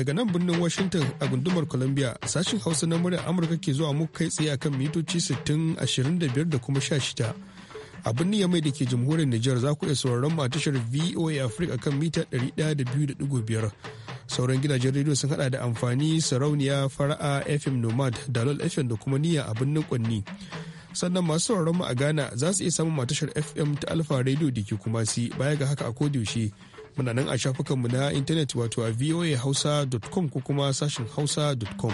daga nan birnin Washington a gundumar Columbia sashin Hausa na muryar Amurka ke zuwa muku kai tsaye akan mitoci 60, da kuma 16. A birnin Yamai da ke jamhuriyar niger za ku iya sauraron mu a tashar VOA Africa kan mita 102.5. Sauran gidajen rediyo sun hada da amfani sarauniya fara'a FM Nomad, Dalol FM da kuma niyya a birnin Kwanni. sannan masu sauraron mu a Ghana za su iya samun matashar FM ta Alfa Radio da ke kuma baya ga haka a kodiyaushe muna nan a shafukanmu na intanet wato a voahausa.com ko kuma sashin hausa.com.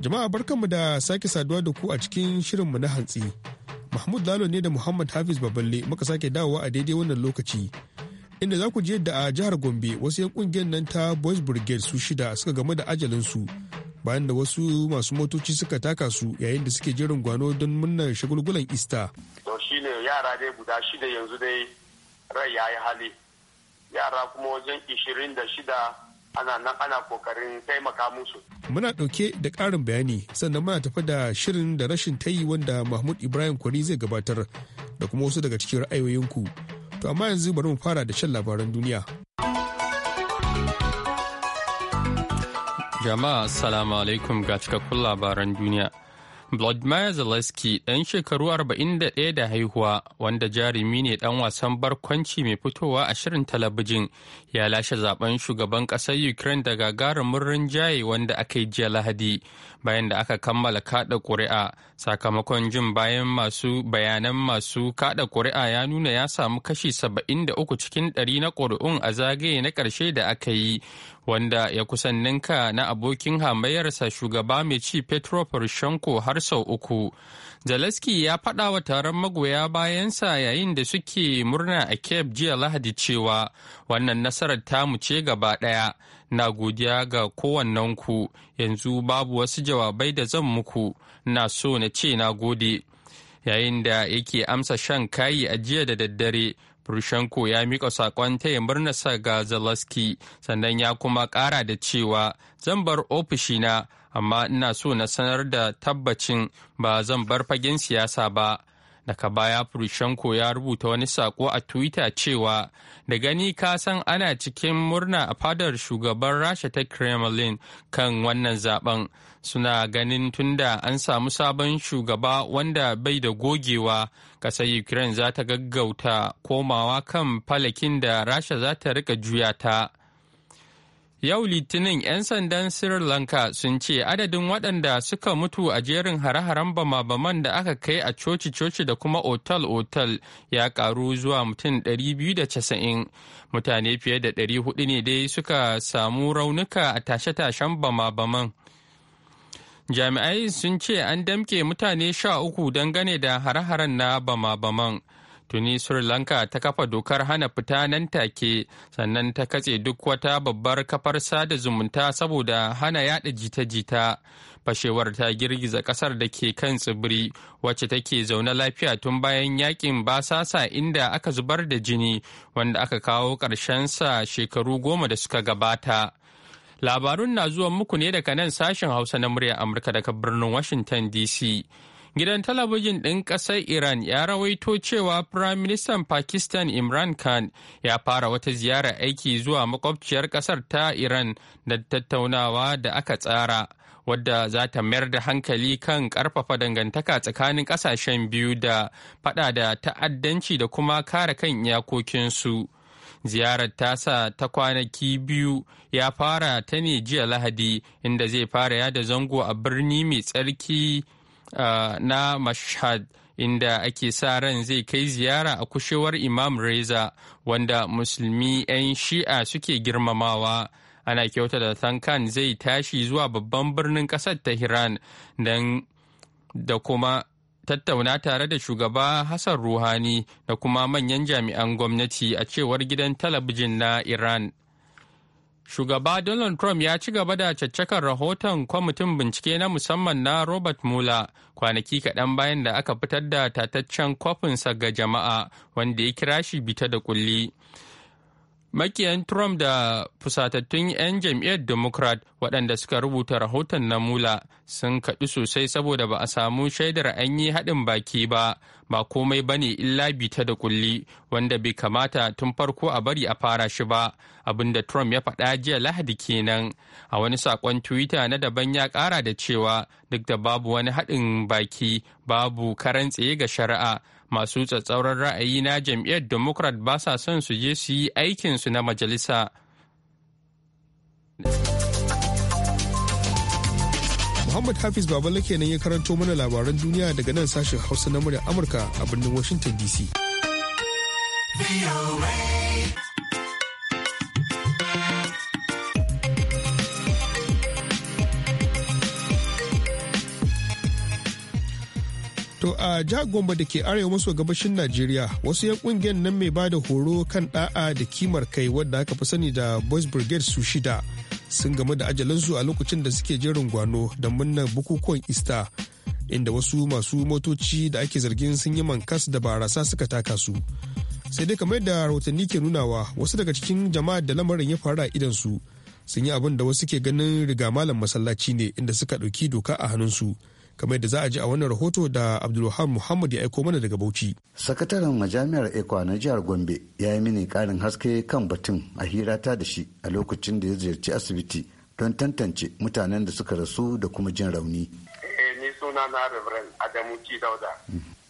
Jama'a barkanmu da sake saduwa da ku a cikin shirinmu na hantsi. Mahmud Lalo ne da Muhammad Hafiz Baballe muka sake dawowa a daidai wannan lokaci. Inda za ku je yadda a jihar Gombe wasu 'yan kungiyar nan ta Boys Brigade su shida suka game da ajalinsu. su. bayan da wasu masu motoci suka taka su yayin da suke jiran gwano don murnar shagulgulan ista to shine yara dai guda shida yanzu dai rai ya yi hali yara kuma wajen ishirin da shida ana nan ana kokarin kai musu muna dauke da ƙarin bayani sannan muna tafi da shirin da rashin tayi wanda mahmud ibrahim kwari zai gabatar da kuma wasu daga cikin ra'ayoyinku to amma yanzu bari mu fara da shan labaran duniya Jama'a Assalamu alaikum ga cikakkun labaran duniya. Vladimir Zelensky ɗan shekaru 41 da haihuwa wanda jarumi ne ɗan wasan barkwanci mai fitowa a shirin talabijin ya lashe zaben shugaban ƙasar Ukraine da gagarumin rinjaye wanda aka yi jiya Lahadi bayan da aka kammala kaɗa ƙuri'a sakamakon jin bayan masu bayanan masu kaɗa ƙuri'a ya nuna ya samu kashi 73 cikin 100 na ƙuri'un a zagaye na ƙarshe da aka yi wanda ya kusan ninka na abokin hamayyarsa shugaba mai ci Petro Poroshenko har sau uku. Zelensky ya faɗa wa taron magoya bayansa yayin da suke murna a Kiev jiya Lahadi cewa wannan nasarar tamu ce gaba ɗaya. Na godiya ga kowannenku yanzu babu wasu jawabai da zan muku, na so na ce na gode. Yayin da yake amsa shan kayi a jiya da daddare. Rushenko ya miƙa saƙon taya murnarsa ga Zelensky sannan ya kuma ƙara da cewa zan bar ofishina amma ina so na sanar da tabbacin ba zan bar fagen siyasa ba. Daga baya Rushenko ya rubuta wani saƙo a Twitter cewa da gani ka san ana cikin murna a fadar shugaban Rasha ta Kremlin kan wannan zaben suna ganin tunda an samu sabon shugaba wanda bai da gogewa ƙasar ukraine za ta gaggauta komawa kan falakin da rasha za ta rika juya ta yau litinin 'yan sandan sri lanka sun ce adadin waɗanda suka mutu a jerin hare-haren bama-baman da aka kai a coci-coci da kuma otal-otal ya karu zuwa mutum 290 mutane fiye da 400 ne dai suka samu raunuka a tashe-tashen bama-baman Jami'ai sun ce an damke mutane sha uku dangane da hare-haren na bama-baman. Tuni Sri Lanka ta kafa dokar hana fita nan take sannan ta katse duk wata babbar kafar sada zumunta saboda hana yada jita-jita. Fashewar ta girgiza kasar da ke kan tsibiri wacce take zaune lafiya tun bayan yakin basasa inda aka zubar da jini wanda aka kawo sa shekaru goma da suka gabata. Labarun na zuwa muku ne daga nan sashen Hausa na murya Amurka daga birnin Washington DC. Gidan talabijin ɗin ƙasar Iran ya rawaito cewa Firaministan Pakistan Imran Khan ya fara wata ziyara aiki zuwa makwabciyar ƙasar ta Iran da tattaunawa da aka tsara. wadda za ta mayar da hankali kan karfafa dangantaka tsakanin kasashen biyu da fada da ta'addanci da kuma kare kan iyakokinsu. ziyarar tasa ta kwanaki biyu ya fara ta ne jiya lahadi inda zai fara yada zango a birni mai tsarki na mashhad inda ake sa ran zai kai ziyara a kushewar imam reza wanda musulmi 'yan shi'a suke girmamawa ana kyauta da tankan zai tashi zuwa babban birnin kasar tehran don da kuma tattauna tare da shugaba Hassan Ruhani da kuma manyan jami'an gwamnati a cewar gidan talabijin na Iran. Shugaba Donald Trump ya ci gaba da caccakar rahoton kwamitin bincike na musamman na Robert Mueller kwanaki kaɗan bayan da aka fitar da tataccen kwafinsa ga jama'a wanda ya kira shi bita da kulli. Makiyan Trump da fusatattun 'yan jam'iyyar Democrat waɗanda suka rubuta rahoton na mula sun kaɗu sosai saboda ba a samu shaidar an yi haɗin baki ba, ba komai ba ne illa bita da kulli wanda bai kamata tun farko a bari a fara shi ba, abinda Trump ya faɗa jiya Lahadi kenan. A wani saƙon Twitter na daban ya ƙara da cewa duk da babu wani haɗin baki, babu karan tsaye ga shari'a. masu tsatsauran ra'ayi na jam'iyyar democrat ba sa son su je su yi aikinsu na majalisa Muhammad Hafiz Babala kenan ya karanto mana labaran duniya daga nan sashen Hausa na murya Amurka a birnin Washington DC. To a jihar Gombe da ke arewa maso gabashin Najeriya wasu 'yan kungiyar nan mai ba da horo kan da'a da kimar kai wadda aka fi sani da Boys Brigade su shida sun game da ajalinsu a lokacin da suke jerin gwano da murnar bukukuwan Easter inda wasu masu motoci da ake zargin sun yi mankas da barasa suka taka su. Sai dai kamar da rahotanni ke nunawa wasu daga cikin jama'a da lamarin ya fara a su sun yi abin da wasu ke ganin riga malam masallaci ne inda suka ɗauki doka a hannunsu. su. kamar yadda za a ji a wannan rahoto da abdulwahab muhammad ya aiko mana daga bauchi sakataren majami'ar ekwa na jihar gombe ya yi mini karin haske kan batun a hira ta da shi a lokacin da ya ziyarci asibiti don tantance mutanen da suka rasu da kuma jin rauni eh, ni suna na adamu dauda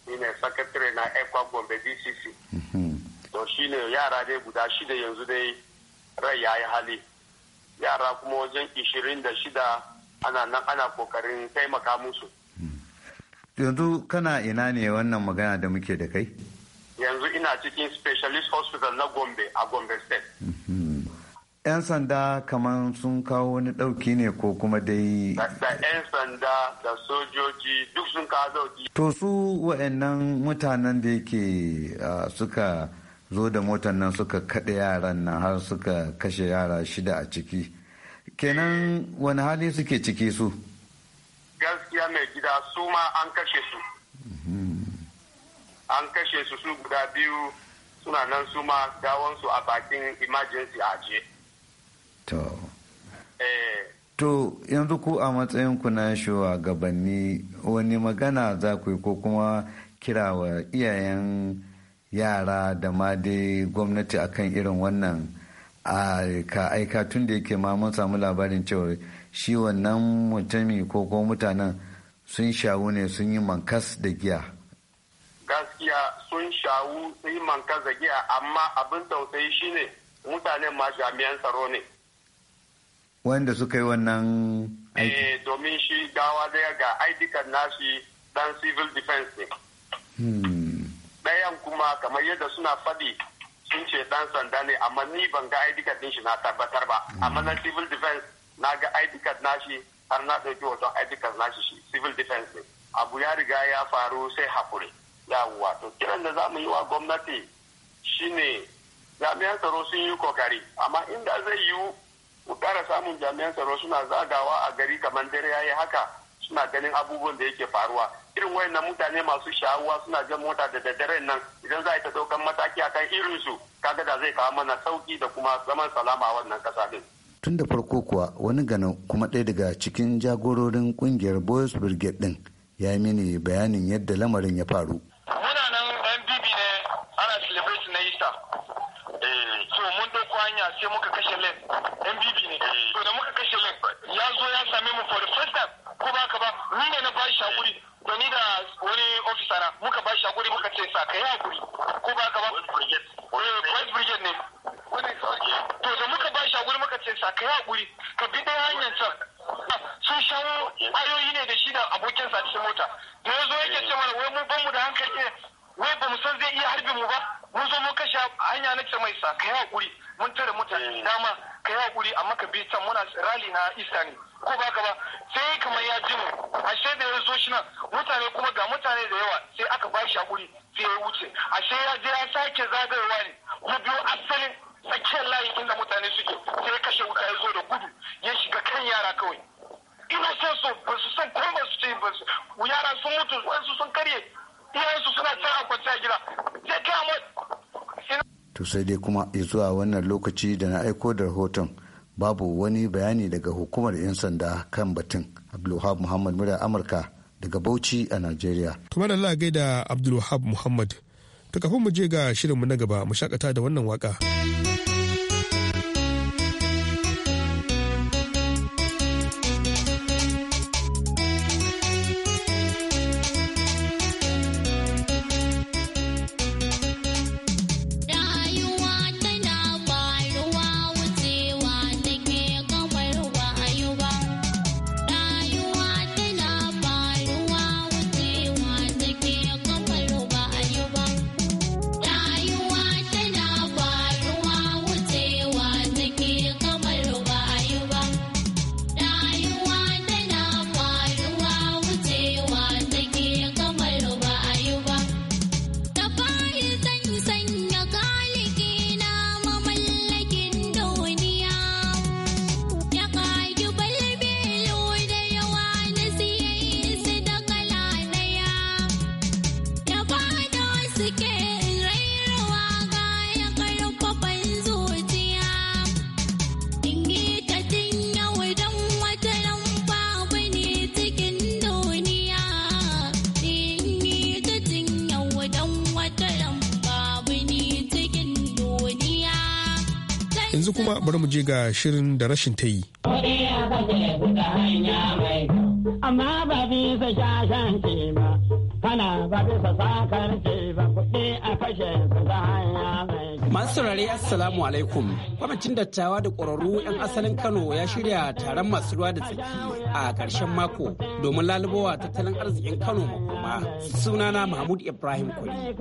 ni ne sakatare na ekwa gombe dcc mhm. to shine yara dai guda shida yanzu dai rai ya yi hali yara kuma wajen ishirin da ana nan ana kokarin taimaka musu yanzu kana ina ne wannan magana da muke da kai yanzu ina cikin specialist hospital na gombe a gombe state mm-hmm. yan sanda kamar sun kawo wani ɗauki ne ko kuma dai da yan sanda da sojoji duk sun kawo ɗauki to su wa'annan mutanen da yake suka zo da motar nan suka kaɗe yaran nan har suka kashe yara shida a ciki kenan wani hali suke ciki su gaskiya mai gida su ma an kashe su an kashe su su guda biyu suna nan su ma gawansu a bakin emergency a to eh. to yanzu ku a matsayin ku na shugabanni wani magana za ku yi ko kuma kira wa iyayen yara da ma dai gwamnati akan irin wannan a ka aika tun da yake ma mun samu labarin cewa shi wannan mutumi ko ko mutanen sun shawu ne sun yi mankas da giya gaskiya sun shawu sun yi mankas da giya amma abin tausayi shine mutanen ma jami'an tsaro ne wanda suka yi wannan aiki eh, domin shi gawa daya ga aidikan nashi dan civil defense ne ɗayan hmm. kuma kamar yadda suna faɗi sun ce dan sanda ne amma ni ban ga aidikan din shi na tabbatar ba amma na hmm. civil defense na ga id card nashi har na ɗauki hoton id card nashi shi civil defense ne abu ya riga ya faru sai hakuri yawwa to kiran da za mu yi wa gwamnati shine jami'an tsaro sun yi kokari amma inda zai yiwu mu ƙara samun jami'an tsaro suna zagawa a gari kamar dare ya yi haka suna ganin abubuwan da yake faruwa irin wayannan mutane masu sha'awa suna jan mota da daddare nan idan za a yi ta ɗaukan mataki akan irinsu kaga da zai kawo mana sauki da kuma zaman salama a wannan ƙasa din. tun da farko kuwa wani gano kuma ɗaya daga cikin jagororin kungiyar boys brigade din ya yi mini bayanin yadda lamarin ya faru muna nan an bibi ne ana celebrate na isa eh, so mun doko hanya sai muka kashe len an bibi ne to eh. da muka kashe len ya zo ya same mu for the first time ko ba ka ba ni ne na bashi hakuri da ni da wani ofisara muka bashi hakuri muka ce sa ka yi hakuri ko ba ka ba wani eh, brigade ne to da muka bashi hakuri muka ce sa ka yi hakuri ka bi ɗaya hanyar can sun shawo ayoyi ne da shi da abokin sa cikin mota da ya zo yake ce mana wai mu ban mu da hankali ne wai ba mu san zai iya harbin mu ba mun zo mu kashe hanya na ce mai sa ka yi hakuri mun tare mutane eh. dama ka yi hakuri amma ka bi can muna tsirali na isa ne ko ba ka ba sai kamar ya ji mu ashe da ya zo shi nan mutane kuma ga mutane da yawa sai aka ba shi hakuri sai ya wuce ashe ya je ya sake zagayewa ne mu biyo asalin tsakiyar layi inda mutane suke sai kashe wuta ya zo da gudu ya shiga kan yara kawai ina son su ba su san ko ba su ce ba su yara sun mutu wasu sun karye iyayensu suna can a kwanciya gida sai kai to sai dai kuma zuwa wannan lokaci da na aiko da rahoton babu wani bayani daga hukumar 'yan sanda kan batun abdulwahab muhammad murya amurka daga bauchi a nigeria kuma da allah gaida abdulwahab muhammad to kafin mu je ga shirinmu na gaba mu shakata da wannan waka. yanzu kuma bari mu je ga shirin da rashin ta yi. Amma ba bisa shashan ce ba, kana ba bisa sakar ce ba kuɗi a kashe su ta hanya Masu saurare Assalamu alaikum. Kwamitin dattawa da ƙwararru 'yan asalin Kano ya shirya taron masu ruwa da tsaki a ƙarshen mako domin lalubowa tattalin arzikin Kano makoma. Sunana Mahmud Ibrahim Kwari.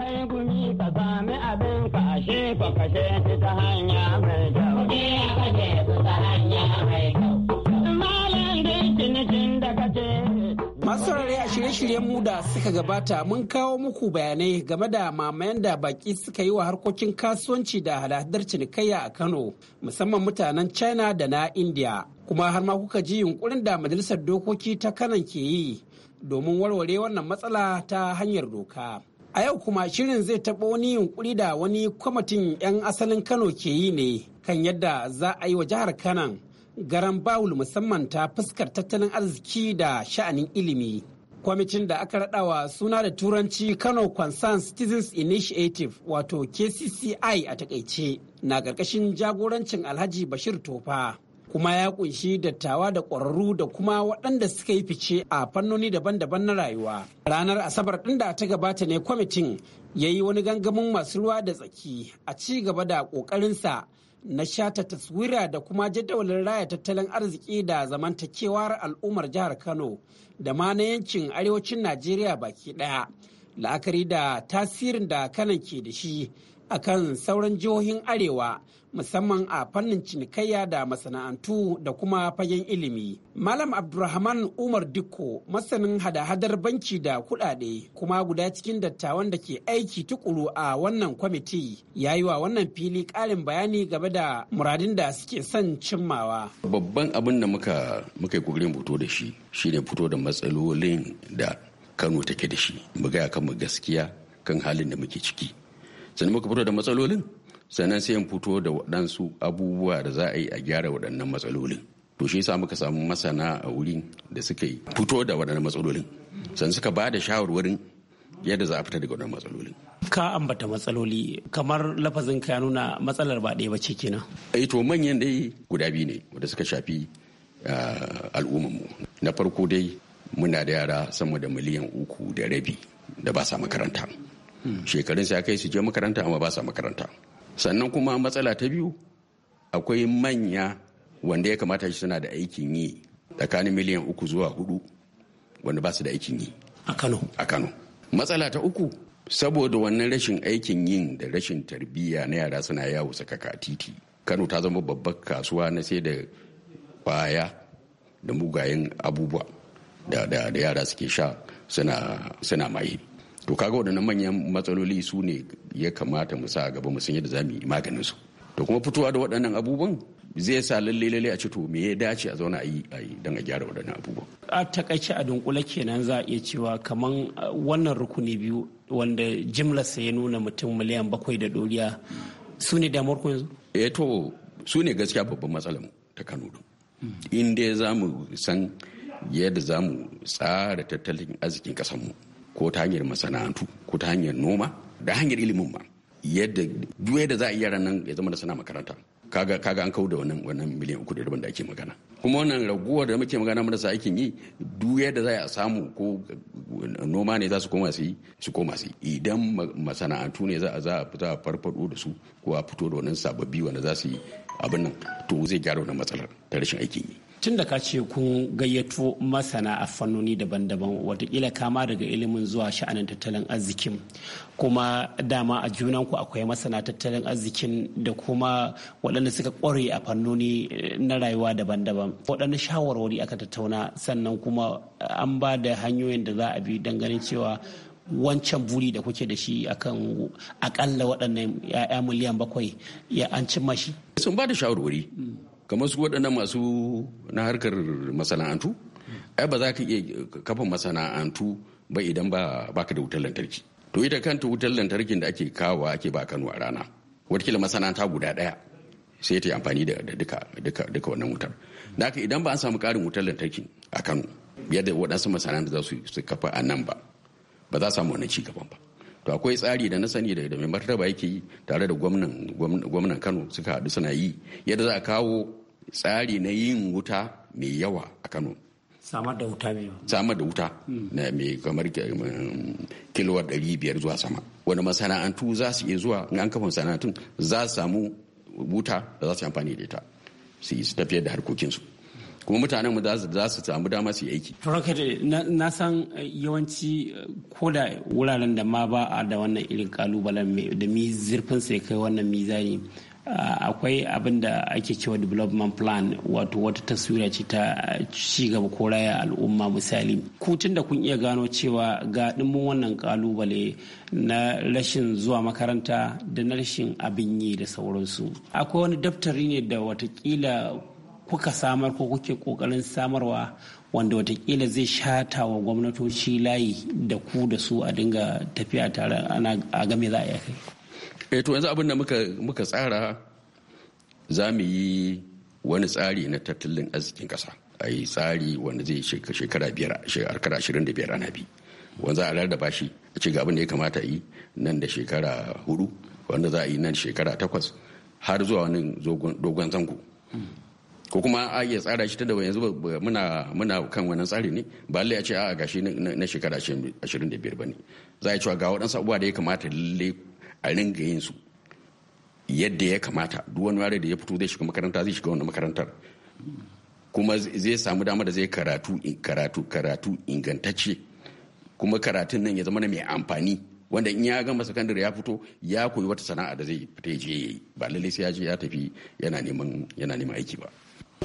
Malam Masu saurare shirye-shiryen mu da suka gabata mun kawo muku bayanai game da mamayen da baki suka yi wa harkokin kasuwanci da hadadar cinikayya a Kano musamman mutanen China da na India. Kuma har ma kuka ji yunkurin da majalisar dokoki ta kanan ke yi domin warware wannan matsala ta hanyar doka. A yau kuma shirin zai taɓa wani yunkuri da wani kwamitin 'yan asalin Kano ke yi ne kan yadda za a yi wa jihar Kanan garan bawul musamman ta fuskar tattalin arziki da sha'anin ilimi kwamitin da aka raɗawa suna da turanci kano concerned citizens initiative wato kcci a takaice na ƙarƙashin jagorancin alhaji bashir tofa kuma ya kunshi dattawa da ƙwararru da kuma waɗanda suka yi fice a fannoni daban-daban na rayuwa. Ranar Asabar ɗin da ta gabata ne kwamitin ya yi wani gangamin masu ruwa da tsaki a ci gaba da ƙoƙarinsa na shata taswira da kuma jadawalin raya tattalin arziki da zamantakewar al'ummar jihar kano da ma na yankin arewacin najeriya baki daya la'akari da tasirin da kanan ke da shi a kan sauran jihohin arewa musamman a fannin cinikayya da masana'antu da kuma fagen ilimi. Malam Abdulrahman Umar Dikko masanin hada-hadar banki da kuɗaɗe kuma guda cikin dattawan da ke aiki tukuru a wannan kwamiti ya yi wa wannan fili ƙarin bayani game da muradin da suke son cimmawa. Babban abin da muka muka yi kokarin fito da shi shine fito da matsalolin da Kano take da shi. Mu gaya kan mu gaskiya kan halin da muke ciki. sannan muka fito da matsalolin sannan sai in fito da waɗansu abubuwa da za a yi a gyara waɗannan matsalolin to shi yasa muka samu masana a wuri da suka yi fito da waɗannan matsalolin sannan suka ba da shawarwarin yadda za a fita daga waɗannan matsalolin ka ambata matsaloli kamar lafazin ka nuna matsalar ba ɗaya ba ce kenan eh to manyan dai guda biyu ne wanda suka shafi ah, mu. na farko dai muna da yara sama da miliyan uku da rabi da ba sa makaranta shekarun sai kai su je makaranta amma ba sa makaranta sannan kuma matsala ta biyu akwai manya wanda ya kamata shi suna da aikin yi tsakanin miliyan uku zuwa hudu wanda ba su da aikin yi a kano matsala ta uku saboda wannan rashin aikin yin da rashin tarbiyya na yara suna yawo sakaka titi kano ta zama babbar kasuwa na sai da kwaya da mugayen abubuwa da yara suke sha suna maye to kaga waɗannan manyan matsaloli su ne ya kamata mu sa gaba mu san yadda za mu yi maganin su to kuma fitowa da waɗannan abubuwan zai sa lalle lalle a ce to me ya dace a zauna a yi a yi don a gyara waɗannan abubuwan a takaice a dunkule kenan za a iya cewa kaman wannan rukuni biyu wanda sa ya nuna mutum miliyan bakwai da doriya su ne damar ku yanzu eh to su ne gaskiya babban matsalar ta Kano hmm. in dai za mu san yadda za mu tsara tattalin arzikin kasar mu ko ta hanyar masana'antu ko ta hanyar noma da hanyar ilimin ma yadda duk yadda za a yaran nan ya zama da sana makaranta kaga kaga an kawo da wannan wannan miliyan uku da rabin da ake magana kuma wannan raguwar da muke magana marasa aikin yi duk yadda za a samu ko noma ne za su koma su yi su koma su idan masana'antu ne za a za a farfado da su ko a fito da wannan sababbi wanda za su yi abin nan to zai gyara wannan matsalar ta rashin aikin yi tun da ka ce kun gayyato masana a fannoni daban-daban watakila kama daga ilimin zuwa sha'anin tattalin arzikin kuma dama a junan ku akwai masana tattalin arzikin da kuma waɗanda suka ƙware a fannoni eh, na rayuwa daban-daban waɗanda shawarwari aka tattauna sannan kuma eh, an ba da hanyoyin da za a bi don ganin cewa wancan buri da kuke da shi akan akalla waɗannan 'ya'ya miliyan bakwai ya an cimma shi sun ba da shawarwari mm. kamar su waɗannan masu na harkar masana'antu ai ba za ka iya kafa masana'antu ba idan ba baka da wutar lantarki to ita kanta wutar lantarkin da ake kawo ake ba Kano a rana watakila masana'anta guda ɗaya sai ta yi amfani da duka duka duka wannan wutar da haka idan ba an samu ƙarin wutar lantarki a Kano yadda waɗansu masana'antu za su kafa a nan ba ba za samu wannan ci gaban ba to akwai tsari da na sani da mai martaba yake yi tare da gwamnan gwamnan Kano suka haɗu suna yi yadda za a kawo tsari na yin wuta mai yawa a kano samar da wuta mai samar hmm. mai kamar um, kilowar ɗari biyar zuwa sama wani masana'antu za su iya zuwa in an kafa masana'antun za su samu wuta da za su amfani da ita su yi tafiyar da harkokinsu kuma mutanen mu za su samu dama su yi aiki. Rakete na san eh, yawanci eh, ko da wuraren da ma ba a da wannan irin kalubalen da mi zirfin sai kai wannan mizani Ah, akwai abin da ake cewa development plan wato wata taswira ce ta ci gaba ko raya al'umma misali kutun da kun iya gano cewa ga dimbin wannan kalubale na rashin zuwa makaranta da na rashin abin yi da sauransu akwai wani daftari ne da watakila kuka samar ko kuke kokarin samarwa wanda watakila zai shata wa gwamnatoci layi da ku da su a dinga tafiya tare a game za a kai eh to yanzu abin da muka muka tsara za mu yi wani tsari na tattalin arzikin kasa a yi tsari wanda zai shekara biyar shekara ashirin da biyar ana bi wanda za a rarraba shi a ce ga abin da ya kamata yi nan da shekara hudu wanda za a yi nan shekara takwas har zuwa wani dogon zango ko kuma a iya tsara shi ta da yanzu muna muna kan wannan tsari ne ba lai a ce a gashi na shekara ashirin da biyar ba ne za a yi cewa ga waɗansu abubuwa da ya kamata lallai a ringa yin su yadda ya kamata duk wani ware da ya fito zai shiga makaranta zai shiga wani makarantar kuma zai samu dama da zai karatu karatu karatu ingantacce kuma karatun nan ya zama mai amfani wanda in ya gama sakandare ya fito ya koyi wata sana'a da zai fita je yayi ba lalle sai ya je ya tafi yana neman yana neman aiki ba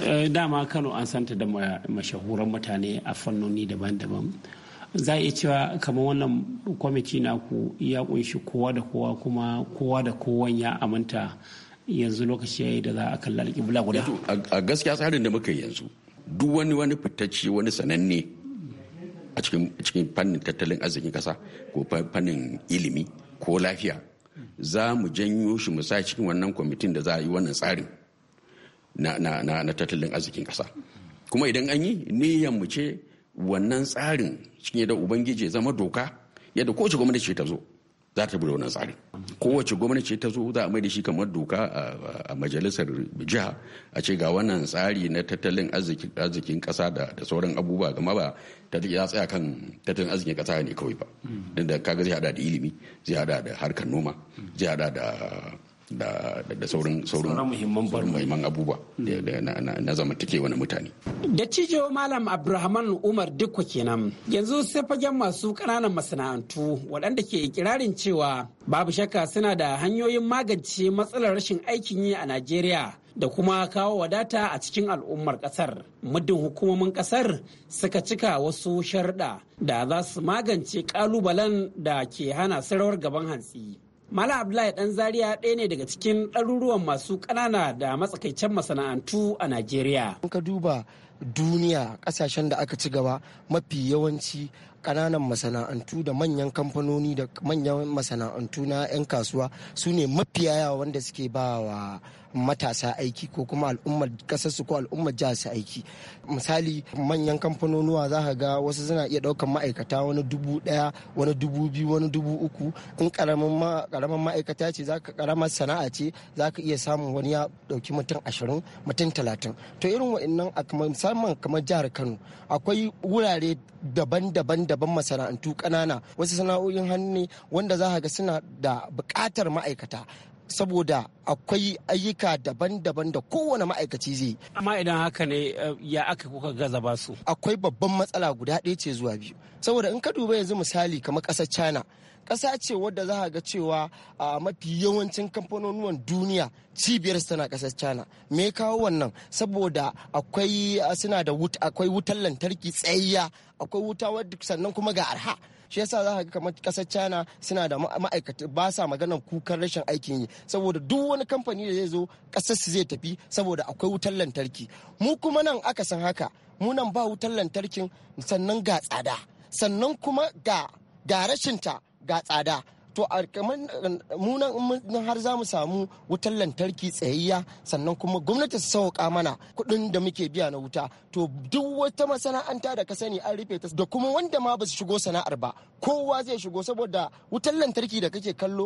eh, dama Kano an santa da mashahuran mutane a fannoni daban-daban za a iya cewa kamar wannan kwamiti naku ya kunshi kowa da kowa kuma kowa da kowan ya aminta yanzu lokaci ya da za a kalla alƙibla guda. a gaskiya tsarin da muka yi yanzu duk wani wani fitacce wani sananne a cikin fannin tattalin arzikin kasa ko fannin ilimi ko lafiya za mu janyo shi mu sa cikin wannan kwamitin da za a yi wannan tsarin na tattalin arzikin kasa kuma idan an yi niyyar mu ce wannan tsarin cikin da ubangiji ya zama doka yadda kowace gwamnati ta zo za ta bude wannan tsarin kowace gwamnati ta zo za a mai da shi kamar doka a majalisar jiha a ce ga wannan tsari na tattalin arzikin kasa da sauran abubuwa gama ba ta ya tsaya kan tattalin arzikin kasa ne kawai ba don da kaga zai hada da ilimi zai hada da harkar noma zai hada da da da sauran muhimman abubuwa na zamantakewa na mutane. cijo Malam Abrahaman Umar Dikko kenan yanzu sai fagen masu ƙananan masana'antu waɗanda ke ikirarin cewa babu shakka suna da hanyoyin magance matsalar rashin aikin yi a Najeriya da kuma kawo wadata a cikin al'ummar ƙasar. Muddin hukumomin ƙasar suka cika wasu sharda da za su magance ƙalubalen da ke hana sarawar gaban hantsi. Malam Abdullahi Dan Zaria ɗaya ne daga cikin ɗaruruwan masu ƙanana da matsakaicen masana'antu a Najeriya. duba duniya kasashen da aka ci gaba mafi yawanci kananan masana'antu da manyan kamfanoni da manyan masana'antu na 'yan kasuwa su ne mafiya yawa wanda suke ba wa matasa aiki ko kuma al'ummar kasarsu ko al'ummar jihar su aiki misali manyan kamfanonuwa za ka ga wasu suna iya daukan ma'aikata wani dubu daya wani dubu biyu wani dubu uku in karamin ma'aikata ce za ka karamar sana'a ce za ka iya samun wani ya dauki mutum ashirin mutum talatin to irin wa'annan musamman kamar jihar kano akwai wurare daban-daban daban masana'antu kanana wasu sana'o'in hannu ne wanda za ga suna da buƙatar ma'aikata saboda akwai ayyuka daban-daban da kowane ma'aikaci zai amma idan haka ne eh, ya aka kuka gaza ba su akwai babban matsala guda ɗaya ce zuwa biyu saboda in ka duba yanzu misali kamar ƙasar china ƙasa ce wadda za ga cewa a mafi yawancin kamfanonuwan duniya cibiyar su tana ƙasar china me kawo wannan saboda akwai suna da akwai wutar lantarki tsayayya akwai wuta wadda sannan kuma ga arha shi yasa za ga kamar kasar china suna da ma'aikata ba sa maganar kukan rashin aikin yi saboda duk wani kamfani da zai zo kasar su zai tafi saboda akwai wutar lantarki mu kuma nan aka san haka mu nan ba wutar lantarkin sannan ga tsada sannan kuma ga ga rashin ta ga tsada to a kamar munan har za mu samu wutar lantarki tsayayya sannan kuma gwamnati su sauka mana kuɗin da muke biya na wuta to duk wata masana'anta da ka sani an rufe ta da kuma wanda ma ba su shigo sana'ar ba kowa zai shigo saboda wutar lantarki da kake kallo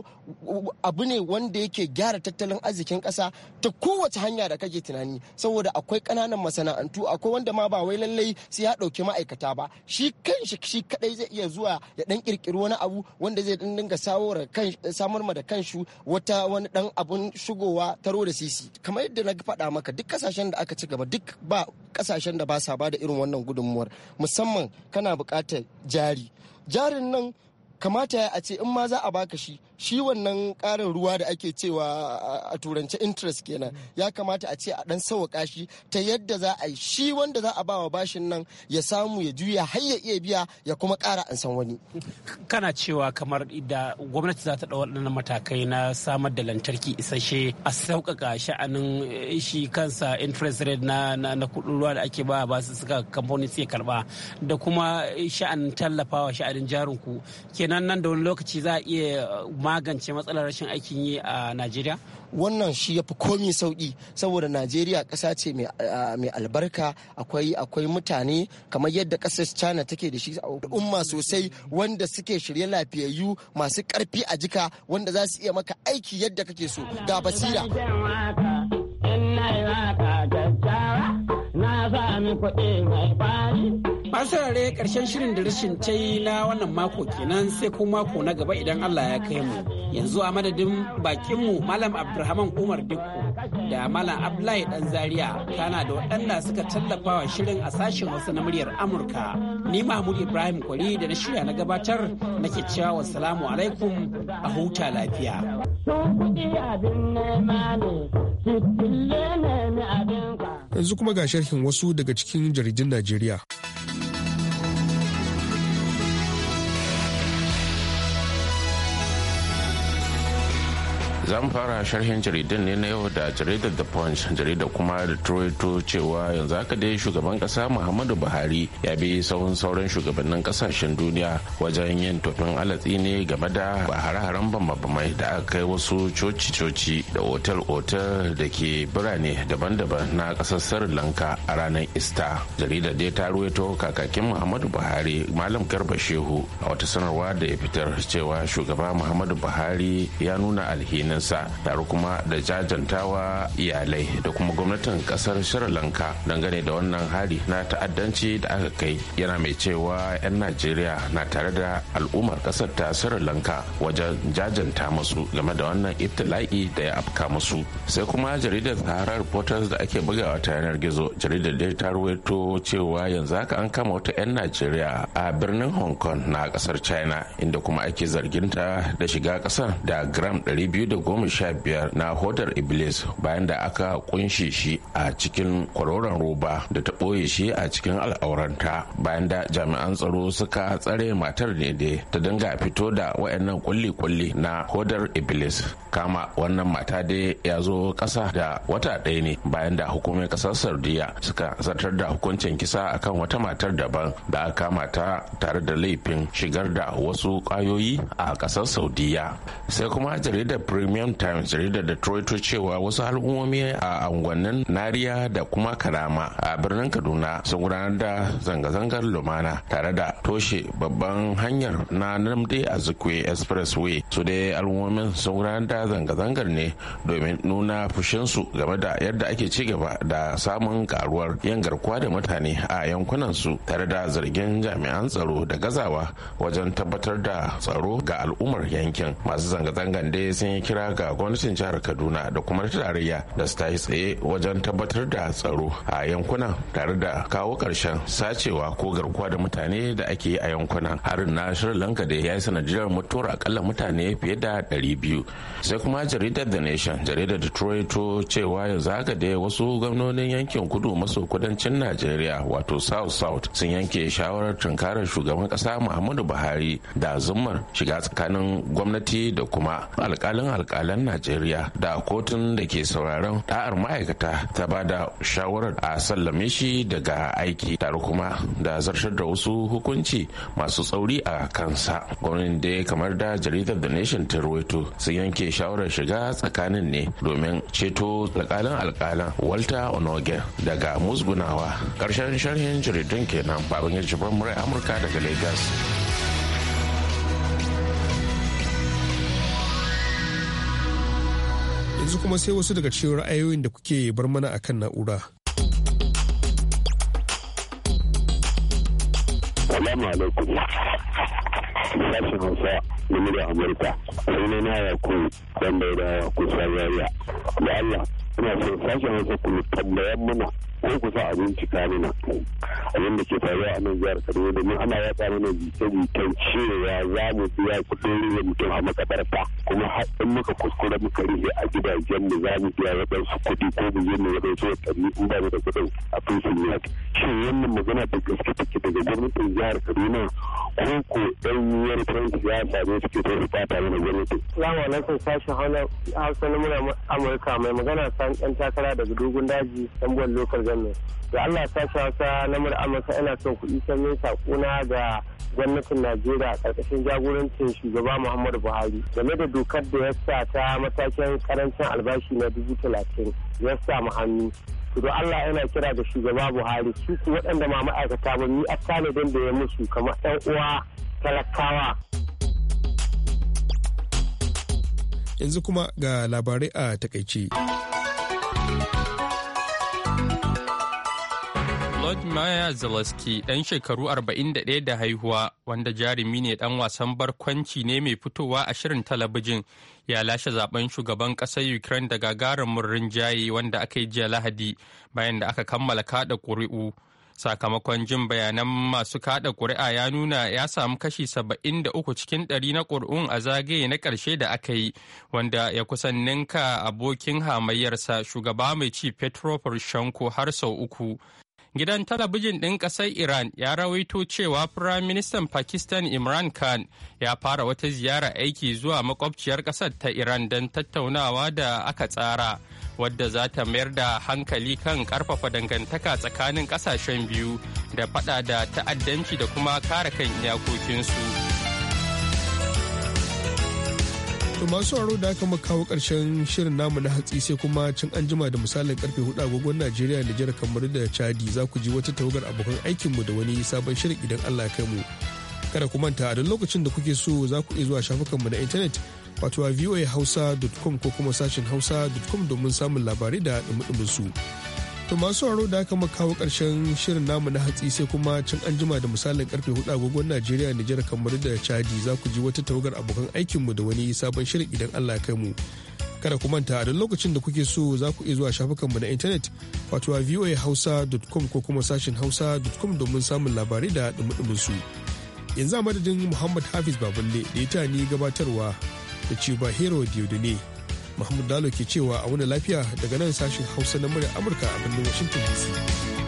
abu ne wanda yake gyara tattalin arzikin kasa ta kowace hanya da kake tunani saboda akwai ƙananan masana'antu akwai wanda ma ba wai lallai sai ya ɗauki ma'aikata ba shi kan shi kadai zai iya zuwa ya dan ƙirƙiri wani abu wanda zai dinga sa kawo da kan samar ma da kansu wata wani dan abun shigowa taro da sisi kamar yadda na faɗa maka duk kasashen da aka ci gaba duk ba kasashen da ba sa ba da irin wannan gudunmuwar musamman kana buƙatar jari jarin nan kamata ya a ce in ma za a baka shi shi wannan karin ruwa da ake cewa a turance interest kenan ya kamata a ce a dan sauwaka shi ta yadda za a yi shi wanda za a ba wa bashin nan ya samu ya juya har ya iya biya ya kuma kara an san wani kana cewa kamar da gwamnati za ta ɗau waɗannan matakai na samar da lantarki isasshe a sauƙaƙa sha'anin eh, shi kansa interest rate na na kuɗin ruwa da ake ba ba su suka kamfani suke karɓa da kuma sha'anin tallafawa sha'anin jarin ku kenan nan da wani lokaci za a iya uh, magance matsalar rashin aikin yi a najeriya wannan shi ya fi komi sauki saboda najeriya ƙasa ce uh, mai albarka akwai akwai mutane kamar yadda ƙasar china take da shi umma sosai wanda suke shirye lafiyayyu masu ƙarfi a jika wanda za su iya maka aiki yadda kake so ga basira na sami kuɗi mai Ba saurare karshen shirin da rashin ta yi na wannan mako kenan sai kuma mako na gaba idan Allah ya kai mu. Yanzu a madadin bakinmu Malam Abdulrahman Umar Dikko da Malam Abdullahi Dan Zaria kana da waɗanda suka tallafa wa shirin a sashen wasu na muryar Amurka. Ni Mahmud Ibrahim Kwari da na shirya na gabatar nake cewa wassalamu alaikum a huta lafiya. Yanzu kuma ga sharhin wasu daga cikin jaridun Najeriya. zan fara sharhin jaridan ne na yau da jaridar the punch jarida kuma da troito cewa yanzu haka dai shugaban kasa muhammadu buhari ya bi sauran sauran shugabannin kasashen duniya wajen yin tofin alatsi ne game da hare-haren bambamai da aka kai wasu coci-coci da otal-otal da ke birane daban-daban na kasar sri lanka a ranar ista jaridar dai ta ruwaito kakakin muhammadu buhari malam garba shehu a wata sanarwa da ya fitar cewa shugaba muhammadu buhari ya nuna alhinin sa tare kuma da jajantawa iyalai da kuma gwamnatin kasar sri lanka dangane da wannan hali na ta'addanci da aka kai yana mai cewa 'yan najeriya na tare da al'ummar kasar ta sri lanka wajen jajanta musu game da wannan iftila'i da ya afka musu sai kuma jaridar sahara reporters da ake bugawa ta yanar gizo jaridar da ta ruwaito cewa yanzu haka an kama wata 'yan najeriya a birnin hong kong na kasar china inda kuma ake zargin ta da shiga kasar da gram 210 goma sha biyar na hodar iblis bayan da aka kunshe shi a cikin kwaroron roba da ta ɓoye shi a cikin al'auranta bayan da jami'an tsaro suka tsare matar ne da ta dinga fito da wayannan kulli-kulli na hodar iblis kama wannan mata dai ya zo kasa da wata ɗaya ne bayan da hukumar kasar sardiya suka zartar da hukuncin kisa akan wata matar daban da aka kama ta tare da laifin shigar da wasu ƙwayoyi a ƙasar saudiya sai kuma jaridar premier premium times jaridar da 'Detroit' cewa wasu al'ummomi a angwannin nariya da kuma karama a birnin kaduna sun gudanar da zanga-zangar lumana tare da toshe babban hanyar na namde a zikwe expressway su dai al'ummomin sun gudanar da zanga-zangar ne domin nuna fushinsu game da yadda ake ci gaba da samun karuwar yan garkuwa da mutane a yankunan su tare da zargin jami'an tsaro da gazawa wajen tabbatar da tsaro ga al'ummar yankin masu zanga-zangar dai sun yi kira kira ga gwamnatin jihar kaduna da kuma tarayya da su tashi tsaye wajen tabbatar da tsaro a yankuna tare da kawo karshen sacewa ko garkuwa da mutane da ake yi a yankuna harin na sri lanka da ya yi sanadiyar mutuwar akalla mutane fiye da biyu. sai kuma jaridar the nation jaridar detroit cewa yanzu haka da wasu gwamnonin yankin kudu maso kudancin najeriya wato south south sun yanke shawarar tunkarar shugaban kasa muhammadu buhari da zumar shiga tsakanin gwamnati da kuma alkalin alkalin alkalan najeriya da kotun da ke sauraron da'ar ma'aikata ta ba da shawarar a sallame shi daga aiki tare kuma da zartar da wasu hukunci masu tsauri a kansa gwamnatin da kamar da jaridar the nation ta ruwaito sun yanke shawarar shiga tsakanin ne domin ceto alƙalan alkalan walter onoge daga musgunawa karshen sharhin jaridun kenan babin yajibar murai amurka daga lagos yanzu kuma sai wasu daga cikin ra'ayoyin da kuke bar mana akan na'ura. Salamu alaikum. Sashen Hausa na Murya Amurka. Suna na ya ku dan da ya ku sarariya. Da Allah, ina son sashen Hausa ku tambayar mana ko ku sa a bincika mana abin da ke faruwa a nan jihar Kaduna domin ana yatsa mana jita-jitan cewa za mu biya kuɗin rage mutum a makabarta kuma in muka kuskure muka rufe a gidajen mu za mu biya waɗansu kuɗi ko mu je mu waɗansu watanni in ba mu da kuɗin a fesin yaki. Shin wannan magana da gaske take daga gwamnatin jihar Kaduna ko ko ɗan yiyar farin siyasa ne suke ta tare da gwamnatin. Salamu alaikum sashen Hausa na Amurka mai magana san ɗan takara daga dogon daji ɗan gwal lokal ganin da Allah ta ta na amurka ina son kuɗi yin saƙona ga gwamnatin najeriya ƙarƙashin jagorancin shugaba muhammadu buhari game da dokar da ya sa ta matakin karancin albashi na dubu talatin ya sa mu hannu to Allah yana kira da shugaba buhari su ku waɗanda ma ma'aikata ba ni a tanadin da ya musu kamar ɗan uwa talakawa yanzu kuma ga labarai a takaice. Maya Zelensky ɗan shekaru 41 da haihuwa wanda jarumi ne ɗan wasan barkwanci ne mai fitowa a shirin talabijin ya lashe zaben shugaban ƙasar Ukraine da gagarin murrin rinjaye wanda aka yi jiya Lahadi bayan da aka kammala kaɗa ƙuri'u. Sakamakon jin bayanan masu kaɗa ƙuri'a ya nuna ya samu kashi saba'in da uku cikin 100 na ƙuri'un a zagaye na ƙarshe da aka yi wanda ya kusan ninka abokin hamayyarsa shugaba mai ci Petro Poroshenko har sau uku. gidan talabijin ɗin ƙasar Iran ya rawaito cewa Firaministan Pakistan Imran Khan ya fara wata ziyara aiki zuwa makwabciyar ƙasar ta Iran don tattaunawa da aka tsara, wadda za ta mayar da hankali kan ƙarfafa dangantaka tsakanin ƙasashen biyu da faɗa da ta'addanci da kuma kare kan iyakokinsu. To masu aro da aka kawo karshen shirin namu na hatsi sai kuma cin anjima da misalin karfe hudu agogon Najeriya da jira kamar da Chadi za ku ji wata tawagar abokan aikinmu da wani sabon shirin idan Allah ya kai mu. Kada ku manta a duk lokacin da kuke so za ku iya zuwa shafukanmu na intanet wato dot voahausa.com ko kuma sashin hausa.com domin samun labarai da dumi su. To masu aro da aka makawo karshen shirin namu na hatsi sai kuma can an jima da misalin karfe hudu agogon Najeriya Nijar kamar da Chadi za ku ji wata tawagar abokan aikinmu da wani sabon shirin idan Allah ya kai mu. Kada ku manta a duk lokacin da kuke so za ku iya zuwa shafukanmu na intanet wato voahausa.com ko kuma sashin hausa.com domin samun labarai da dumudumin su. Yanzu a madadin Muhammad Hafiz Baballe da ya ta ni gabatarwa da ba Hero Diodune. Mahmud Dalo ke cewa a wani lafiya daga nan sashin Hausa na murya Amurka a birnin Washington DC.